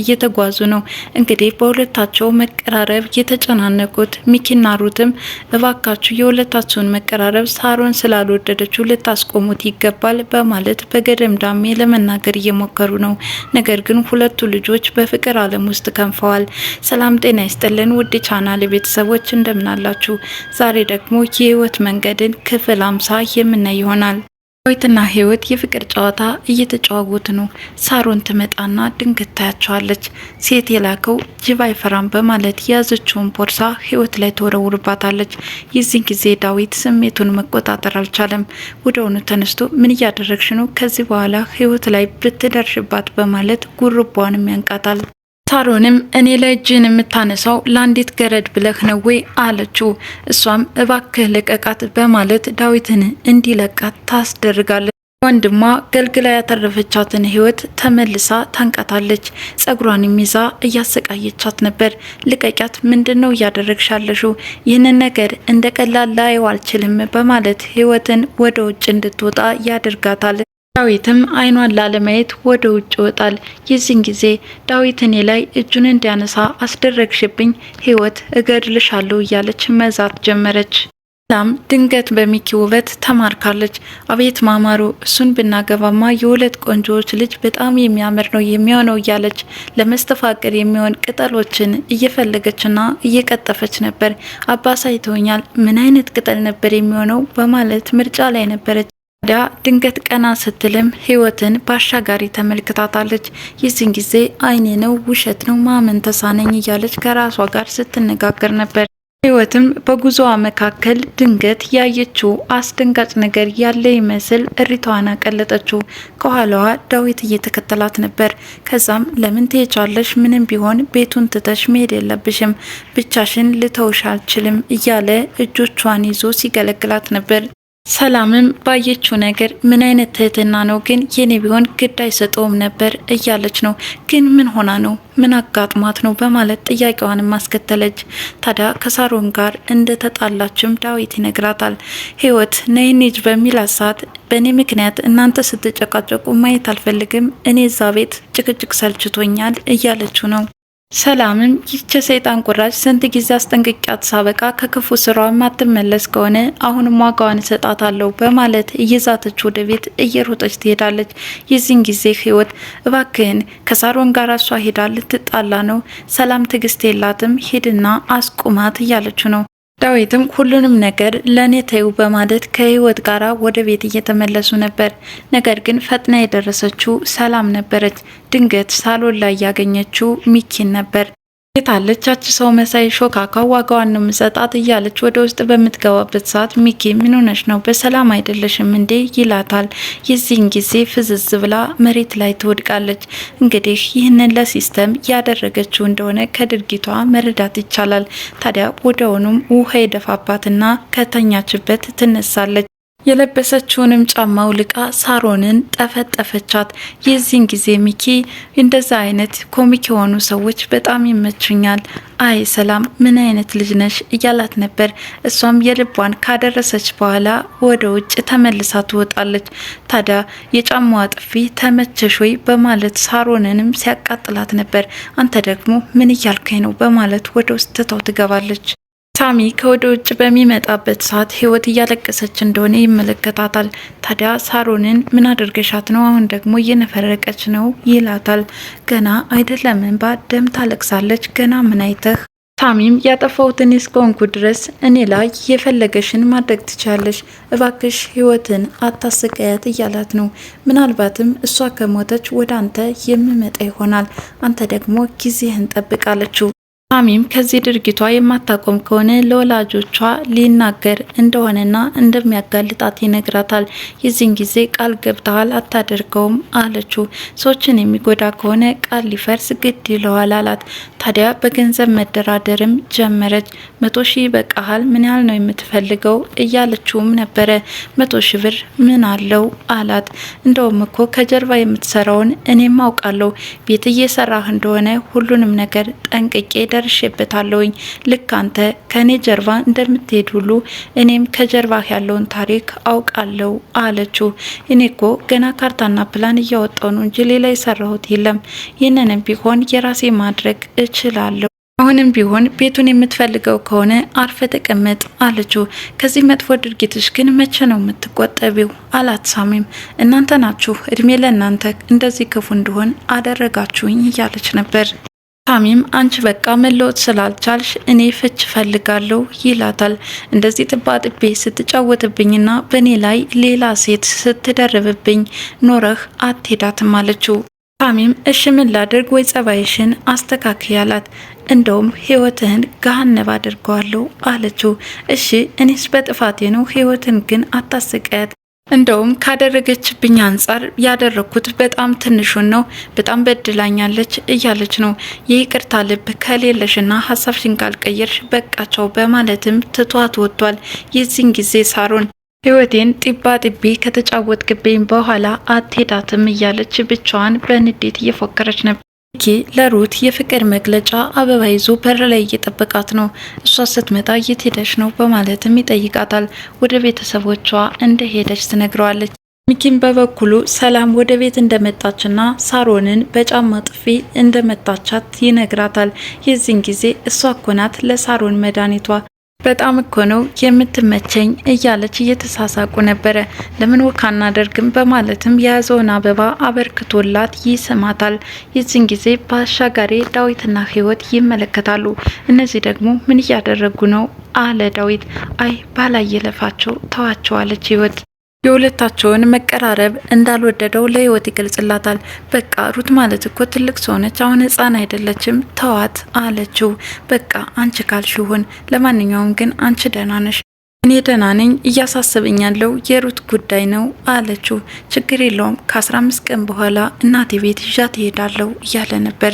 እየተጓዙ ነው። እንግዲህ በሁለታቸው መቀራረብ የተጨናነቁት ሚኪና ሩትም እባካችሁ የሁለታቸውን መቀራረብ ሳሮን ስላልወደደችው ልታስቆሙት ይገባል በማለት በገደምዳሜ ለመናገር እየሞከሩ ነው። ነገር ግን ሁለቱ ልጆች በፍቅር ዓለም ውስጥ ከንፈዋል። ሰላም ጤና ይስጥልን ውድ ቻናል ቤተሰቦች እንደምናላችሁ፣ ዛሬ ደግሞ የህይወት መንገድን ክፍል አምሳ የምናይ ይሆናል። ዳዊትና ህይወት የፍቅር ጨዋታ እየተጫወቱ ነው። ሳሮን ትመጣና ድንገት ታያቸዋለች። ሴት የላከው ጅብ አይፈራም በማለት የያዘችውን ቦርሳ ህይወት ላይ ተወረውርባታለች። የዚህን ጊዜ ዳዊት ስሜቱን መቆጣጠር አልቻለም። ወደውኑ ተነስቶ ምን እያደረግሽ ነው? ከዚህ በኋላ ህይወት ላይ ብትደርሽባት በማለት ጉርቧንም ያንቃታል። ታሮንም እኔ ላይ እጅን የምታነሳው ለአንዲት ገረድ ብለህ ነው ወይ አለችው። እሷም እባክህ ልቀቃት በማለት ዳዊትን እንዲለቃት ታስደርጋለች። ወንድሟ ገልግላ ያተረፈቻትን ሕይወት ተመልሳ ታንቃታለች። ጸጉሯን ይዛ እያሰቃየቻት ነበር። ልቀቂያት፣ ምንድን ነው እያደረግሻለሹ? ይህንን ነገር እንደ ቀላል ላየው አልችልም በማለት ሕይወትን ወደ ውጭ እንድትወጣ ያደርጋታል። ዳዊትም አይኗን ላለማየት ወደ ውጭ ይወጣል። የዚህን ጊዜ ዳዊት እኔ ላይ እጁን እንዲያነሳ አስደረግሽብኝ፣ ህይወት እገድልሻለሁ እያለች መዛት ጀመረች። ላም ድንገት በሚኪ ውበት ተማርካለች። አቤት ማማሩ፣ እሱን ብናገባማ የሁለት ቆንጆዎች ልጅ በጣም የሚያምር ነው የሚሆነው እያለች ለመስተፋቅር የሚሆን ቅጠሎችን እየፈለገችና እየቀጠፈች ነበር። አባሳይተውኛል፣ ምን አይነት ቅጠል ነበር የሚሆነው በማለት ምርጫ ላይ ነበረች። ዳ ድንገት ቀና ስትልም ህይወትን በአሻጋሪ ተመልክታታለች። ይህን ጊዜ አይኔ ነው ውሸት ነው ማመን ተሳነኝ እያለች ከራሷ ጋር ስትነጋገር ነበር። ህይወትም በጉዞዋ መካከል ድንገት ያየችው አስደንጋጭ ነገር ያለ ይመስል እሪቷን አቀለጠችው። ከኋላዋ ዳዊት እየተከተላት ነበር። ከዛም ለምን ትሄጃለሽ? ምንም ቢሆን ቤቱን ትተሽ መሄድ የለብሽም፣ ብቻሽን ልተውሽ አልችልም እያለ እጆቿን ይዞ ሲገለግላት ነበር። ሰላምም ባየችው ነገር ምን አይነት ትህትና ነው ግን የኔ ቢሆን ግድ አይሰጠውም ነበር እያለች ነው። ግን ምን ሆና ነው ምን አጋጥሟት ነው በማለት ጥያቄዋንም አስከተለች። ታዲያ ከሳሮን ጋር እንደተጣላችም ዳዊት ይነግራታል። ህይወት ነይ እንሂድ በሚላት ሰዓት በእኔ ምክንያት እናንተ ስትጨቃጨቁ ማየት አልፈልግም፣ እኔ እዛ ቤት ጭቅጭቅ ሰልችቶኛል እያለችው ነው ሰላምም ይህች ሰይጣን ቁራጭ ስንት ጊዜ አስጠንቅቂያት ሳበቃ ከክፉ ስራዋ ማትመለስ ከሆነ አሁንም ዋጋዋን እሰጣታለሁ በማለት እየዛተች ወደ ቤት እየሮጠች ትሄዳለች። የዚህን ጊዜ ህይወት እባክህን ከሳሮን ጋር እሷ ሄዳ ልትጣላ ነው፣ ሰላም ትዕግስት የላትም ሄድና አስቁማት እያለች ነው። ዳዊትም ሁሉንም ነገር ለእኔ ተይው በማለት ከህይወት ጋር ወደ ቤት እየተመለሱ ነበር። ነገር ግን ፈጥና የደረሰችው ሰላም ነበረች። ድንገት ሳሎን ላይ ያገኘችው ሚኪን ነበር። የታለች ሰው መሳይ ሾካካ ዋጋዋን ነው ምሰጣት እያለች ወደ ውስጥ በምትገባበት ሰዓት ሚኪ ምን ሆነሽ ነው በሰላም አይደለሽም እንዴ ይላታል። የዚህን ጊዜ ፍዝዝ ብላ መሬት ላይ ትወድቃለች። እንግዲህ ይህንን ለሲስተም ያደረገችው እንደሆነ ከድርጊቷ መረዳት ይቻላል። ታዲያ ወደውኑም ውሃ የደፋባትና ከተኛችበት ትነሳለች። የለበሰችውንም ጫማ ውልቃ ሳሮንን ጠፈጠፈቻት። የዚህን ጊዜ ሚኪ እንደዛ አይነት ኮሚክ የሆኑ ሰዎች በጣም ይመቹኛል፣ አይ ሰላም ምን አይነት ልጅ ነሽ እያላት ነበር። እሷም የልቧን ካደረሰች በኋላ ወደ ውጭ ተመልሳ ትወጣለች። ታዲያ የጫማዋ ጥፊ ተመቸሽ ወይ በማለት ሳሮንንም ሲያቃጥላት ነበር። አንተ ደግሞ ምን እያልከኝ ነው በማለት ወደ ውስጥ ትተው ትገባለች። ታሚ ከወደ ውጭ በሚመጣበት ሰዓት ህይወት እያለቀሰች እንደሆነ ይመለከታታል። ታዲያ ሳሮንን ምን አድርገሻት ነው? አሁን ደግሞ እየነፈረቀች ነው ይላታል። ገና አይደለም እንባ ደም ታለቅሳለች። ገና ምን አይተህ? ታሚም ያጠፋሁትን እስከሆንኩ ድረስ እኔ ላይ የፈለገሽን ማድረግ ትችላለሽ፣ እባክሽ ህይወትን አታሰቃያት እያላት ነው። ምናልባትም እሷ ከሞተች ወደ አንተ የምመጣ ይሆናል። አንተ ደግሞ ጊዜህን ጠብቃለችው አሚም ከዚህ ድርጊቷ የማታቆም ከሆነ ለወላጆቿ ሊናገር እንደሆነና እንደሚያጋልጣት ይነግራታል። የዚህን ጊዜ ቃል ገብተሃል አታደርገውም አለችው። ሰዎችን የሚጎዳ ከሆነ ቃል ሊፈርስ ግድ ይለዋል አላት። ታዲያ በገንዘብ መደራደርም ጀመረች። መቶ ሺህ ይበቃሃል፣ ምን ያህል ነው የምትፈልገው እያለችውም ነበረ። መቶ ሺህ ብር ምን አለው አላት። እንደውም እኮ ከጀርባ የምትሰራውን እኔም አውቃለሁ፣ ቤት እየሰራህ እንደሆነ ሁሉንም ነገር ጠንቅቄ ደርሼበታለሁኝ። ልክ አንተ ከእኔ ጀርባ እንደምትሄድ ሁሉ እኔም ከጀርባህ ያለውን ታሪክ አውቃለሁ አለችው። እኔ እኮ ገና ካርታና ፕላን እያወጣው ነው እንጂ ሌላ የሰራሁት የለም። ይህንንም ቢሆን የራሴ ማድረግ እችላለሁ። አሁንም ቢሆን ቤቱን የምትፈልገው ከሆነ አርፈ ተቀመጥ አለችው። ከዚህ መጥፎ ድርጊትሽ ግን መቼ ነው የምትቆጠቢው? አላት ሳሚም። እናንተ ናችሁ እድሜ ለእናንተ እንደዚህ ክፉ እንደሆን አደረጋችሁኝ እያለች ነበር። ታሚም አንቺ በቃ መለወጥ ስላልቻልሽ እኔ ፍች ፈልጋለሁ ይላታል። እንደዚህ ጥባጥቤ ስትጫወትብኝና በእኔ ላይ ሌላ ሴት ስትደርብብኝ ኖረህ አትሄዳትም አለችው። ታሚም እሺ ምን ላድርግ ወይ ጸባይሽን አስተካክይ አላት። እንደውም ህይወትህን ገሀነብ አድርገዋለሁ አለችው። እሺ እኔስ በጥፋቴ ነው፣ ህይወትን ግን አታስቀያት እንደውም ካደረገችብኝ አንጻር ያደረግኩት በጣም ትንሹን ነው፣ በጣም በድላኛለች እያለች ነው። የይቅርታ ልብ ከሌለሽና ሀሳብሽን ካልቀየርሽ በቃቸው በማለትም ትቷት ወጥቷል። የዚህን ጊዜ ሳሮን ህይወቴን ጢባ ጢቤ ከተጫወትክብኝ በኋላ አትሄዳትም እያለች ብቻዋን በንዴት እየፎከረች ነበር። ኪ ለሩት የፍቅር መግለጫ አበባ ይዞ በር ላይ እየጠበቃት ነው። እሷ ስትመጣ የት ሄደች ነው በማለትም ይጠይቃታል። ወደ ቤተሰቦቿ እንደሄደች ትነግረዋለች። ሚኪም በበኩሉ ሰላም ወደ ቤት እንደመጣችና ሳሮንን በጫማ ጥፊ እንደመታቻት ይነግራታል። የዚህን ጊዜ እሷ ኮናት ለሳሮን መድኃኒቷ በጣም እኮ ነው የምትመቸኝ እያለች እየተሳሳቁ ነበረ። ለምን ወካ አናደርግም በማለትም የያዘውን አበባ አበርክቶላት ይስማታል። የዚህን ጊዜ በአሻጋሪ ዳዊትና ህይወት ይመለከታሉ። እነዚህ ደግሞ ምን እያደረጉ ነው አለ ዳዊት። አይ ባላየለፋቸው ተዋቸዋለች ህይወት የሁለታቸውን መቀራረብ እንዳልወደደው ለህይወት ይገልጽላታል። በቃ ሩት ማለት እኮ ትልቅ ሰሆነች አሁን ህፃን አይደለችም፣ ተዋት አለችው። በቃ አንቺ ካልሽ ይሁን፣ ለማንኛውም ግን አንቺ ደህና ነሽ? እኔ ደህና ነኝ፣ እያሳሰበኝ ያለው የሩት ጉዳይ ነው አለችው። ችግር የለውም ከአስራ አምስት ቀን በኋላ እናቴ ቤት ይዣት እሄዳለሁ እያለ ነበር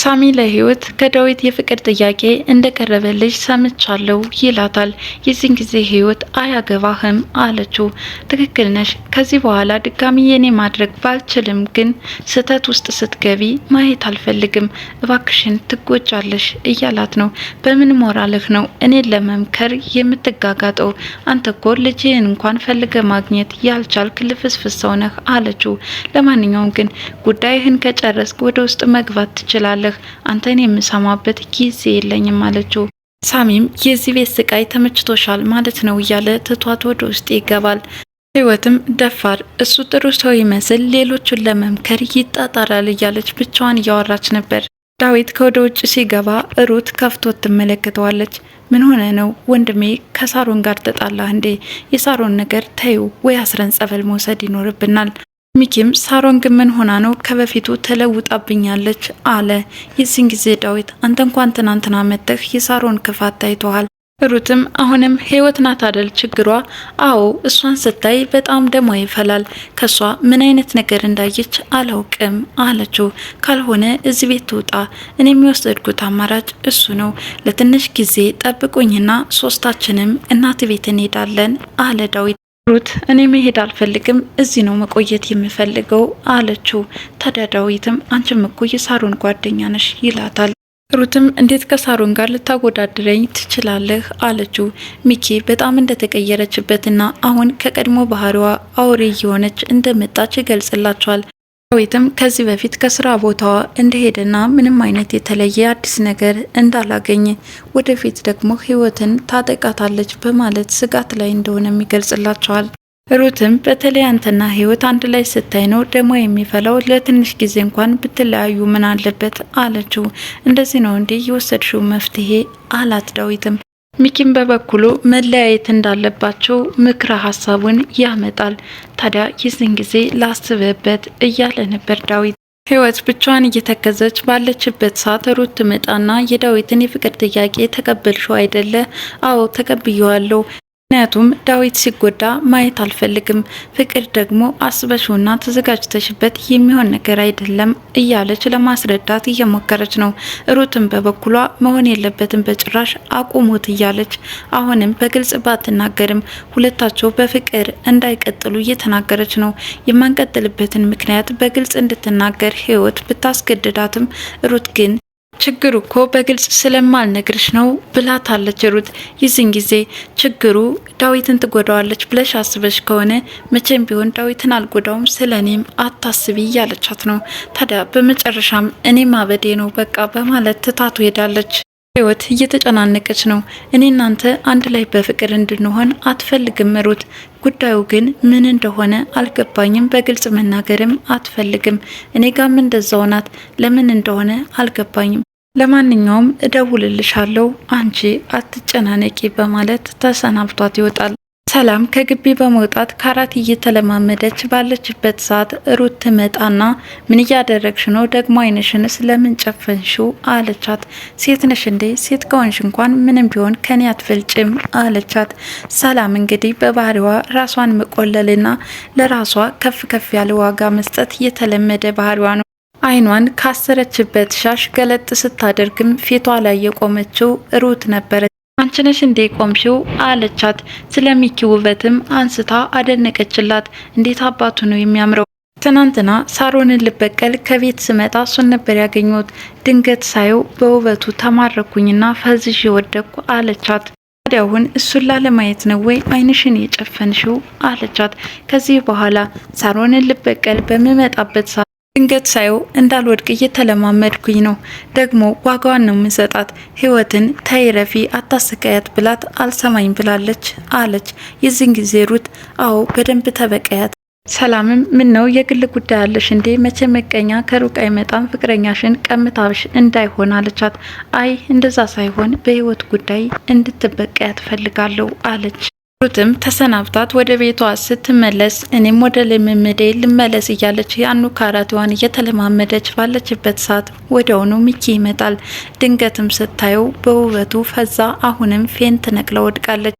ሳሚ ለህይወት ከዳዊት የፍቅር ጥያቄ እንደቀረበልሽ ሰምቻለሁ ይላታል። የዚህን ጊዜ ህይወት አያገባህም አለችው። ትክክል ነሽ፣ ከዚህ በኋላ ድጋሚ የኔ ማድረግ ባልችልም፣ ግን ስህተት ውስጥ ስትገቢ ማየት አልፈልግም፣ እባክሽን ትጎጃለሽ እያላት ነው። በምን ሞራልህ ነው እኔን ለመምከር የምትጋጋጠው? አንተ እኮ ልጅህን እንኳን ፈልገ ማግኘት ያልቻልክ ልፍስፍስ ሰው ነህ አለችው። ለማንኛውም ግን ጉዳይህን ከጨረስክ ወደ ውስጥ መግባት ትችላል ትችላለህ፣ አንተን የምሰማበት ጊዜ የለኝም አለችው። ሳሚም የዚህ ቤት ስቃይ ተመችቶሻል ማለት ነው እያለ ትቷት ወደ ውስጥ ይገባል። ህይወትም ደፋር እሱ ጥሩ ሰው ይመስል ሌሎቹን ለመምከር ይጣጣራል እያለች ብቻዋን እያወራች ነበር። ዳዊት ከወደ ውጭ ሲገባ ሩት ከፍቶት ትመለከተዋለች። ምን ሆነ ነው ወንድሜ? ከሳሮን ጋር ተጣላህ እንዴ? የሳሮን ነገር ተዩ ወይ አስረን ጸበል መውሰድ ይኖርብናል። ሚኪም ሳሮን ግምን ሆና ነው ከበፊቱ ተለውጣብኛለች? አለ። የዚህን ጊዜ ዳዊት አንተ እንኳን ትናንትና መጥተህ የሳሮን ክፋት ታይተዋል። ሩትም አሁንም ህይወት ናት አደል ችግሯ? አዎ እሷን ስታይ በጣም ደሟ ይፈላል። ከሷ ምን አይነት ነገር እንዳየች አላውቅም አለችው። ካልሆነ እዚህ ቤት ትውጣ። እኔ የሚወሰድኩት አማራጭ እሱ ነው። ለትንሽ ጊዜ ጠብቁኝና ሶስታችንም እናት ቤት እንሄዳለን አለ ዳዊት። ሩት እኔ መሄድ አልፈልግም፣ እዚህ ነው መቆየት የምፈልገው አለችው። ታዲያ ዳዊትም አንቺም እኮ ጓደኛ ነሽ ይላታል። ሩትም እንዴት ከሳሩን ጋር ልታወዳድረኝ ትችላለህ? አለችው። ሚኪ በጣም እንደተቀየረችበትና አሁን ከቀድሞ ባህሪዋ አውሬ እየሆነች እንደመጣች ይገልጽላቸዋል። ዳዊትም ከዚህ በፊት ከስራ ቦታዋ እንደሄደና ምንም አይነት የተለየ አዲስ ነገር እንዳላገኘ ወደፊት ደግሞ ህይወትን ታጠቃታለች በማለት ስጋት ላይ እንደሆነም ይገልጽላቸዋል። ሩትም በተለይ አንተና ህይወት አንድ ላይ ስታይ ነው ደሞ የሚፈላው ለትንሽ ጊዜ እንኳን ብትለያዩ ምን አለበት አለችው። እንደዚህ ነው እንዲህ የወሰድሽው መፍትሄ አላት ዳዊትም ሚኪም በበኩሉ መለያየት እንዳለባቸው ምክረ ሀሳቡን ያመጣል። ታዲያ ይህን ጊዜ ላስበበት እያለ ነበር ዳዊት። ህይወት ብቻዋን እየተከዘች ባለችበት ሰዓት ሩት ትመጣና የዳዊትን የፍቅር ጥያቄ ተቀበልሽው አይደለ? አዎ ተቀብየዋለሁ ምክንያቱም ዳዊት ሲጎዳ ማየት አልፈልግም፣ ፍቅር ደግሞ አስበሽውና ተዘጋጅተሽበት የሚሆን ነገር አይደለም እያለች ለማስረዳት እየሞከረች ነው። ሩትን በበኩሏ መሆን የለበትም በጭራሽ አቁሙት እያለች አሁንም በግልጽ ባትናገርም ሁለታቸው በፍቅር እንዳይቀጥሉ እየተናገረች ነው። የማንቀጥልበትን ምክንያት በግልጽ እንድትናገር ህይወት ብታስገድዳትም ሩት ግን ችግሩ እኮ በግልጽ ስለማልነግርሽ ነው ብላታለች ሩት። ይዝን ጊዜ ችግሩ ዳዊትን ትጎዳዋለች ብለሽ አስበሽ ከሆነ መቼም ቢሆን ዳዊትን አልጎዳውም፣ ስለ እኔም አታስቢ እያለቻት ነው። ታዲያ በመጨረሻም እኔ ማበዴ ነው በቃ በማለት ትታቱ ሄዳለች። ህይወት እየተጨናነቀች ነው። እኔ እናንተ አንድ ላይ በፍቅር እንድንሆን አትፈልግም ሩት። ጉዳዩ ግን ምን እንደሆነ አልገባኝም። በግልጽ መናገርም አትፈልግም። እኔ ጋም እንደዛው ናት። ለምን እንደሆነ አልገባኝም። ለማንኛውም እደውልልሻለሁ፣ አንቺ አትጨናነቂ በማለት ተሰናብቷት ይወጣል። ሰላም ከግቢ በመውጣት ካራት እየተለማመደች ባለችበት ሰዓት ሩት ትመጣና ምን እያደረግሽ ነው ደግሞ አይንሽን ስለምን ጨፈንሽው አለቻት። ሴት ነሽ እንዴ? ሴት ከሆንሽ እንኳን ምንም ቢሆን ከኔ አትፈልጭም አለቻት። ሰላም እንግዲህ በባህሪዋ ራሷን መቆለልና ለራሷ ከፍ ከፍ ያለ ዋጋ መስጠት የተለመደ ባህሪዋ ነው። አይኗን ካሰረችበት ሻሽ ገለጥ ስታደርግም ፊቷ ላይ የቆመችው ሩት ነበረች። አንቺ ነሽ እንዴ ቆምሽው አለቻት። ስለሚኪ ውበትም አንስታ አደነቀችላት። እንዴት አባቱ ነው የሚያምረው! ትናንትና ሳሮንን ልበቀል ከቤት ስመጣ እሱን ነበር ያገኘሁት። ድንገት ሳየው በውበቱ ተማረኩኝና ፈዝዥ የወደቅኩ አለቻት። ታዲያሁን እሱን ላለማየት ነው ወይ አይንሽን የጨፈንሽው? አለቻት። ከዚህ በኋላ ሳሮንን ልበቀል በምመጣበት ድንገት ሳየው እንዳልወድቅ እየተለማመድኩኝ ነው። ደግሞ ዋጋዋን ነው የምንሰጣት። ህይወትን ተይረፊ አታሰቃያት ብላት አልሰማኝ ብላለች አለች። የዚህን ጊዜ ሩት አዎ በደንብ ተበቀያት። ሰላምም ምን ነው የግል ጉዳይ አለሽ እንዴ? መቼ መቀኛ ከሩቅ አይመጣም፣ ፍቅረኛሽን ቀምታብሽ እንዳይሆን አለቻት። አይ እንደዛ ሳይሆን በህይወት ጉዳይ እንድትበቀያት ፈልጋለሁ አለች። ሩትም ተሰናብታት ወደ ቤቷ ስትመለስ እኔም ወደ ልምምዴ ልመለስ እያለች ያኑ ካራቴዋን እየተለማመደች ባለችበት ሰዓት ወደውኑ ሚኪ ይመጣል። ድንገትም ስታየው በውበቱ ፈዛ፣ አሁንም ፌንት ነቅለ ወድቃለች።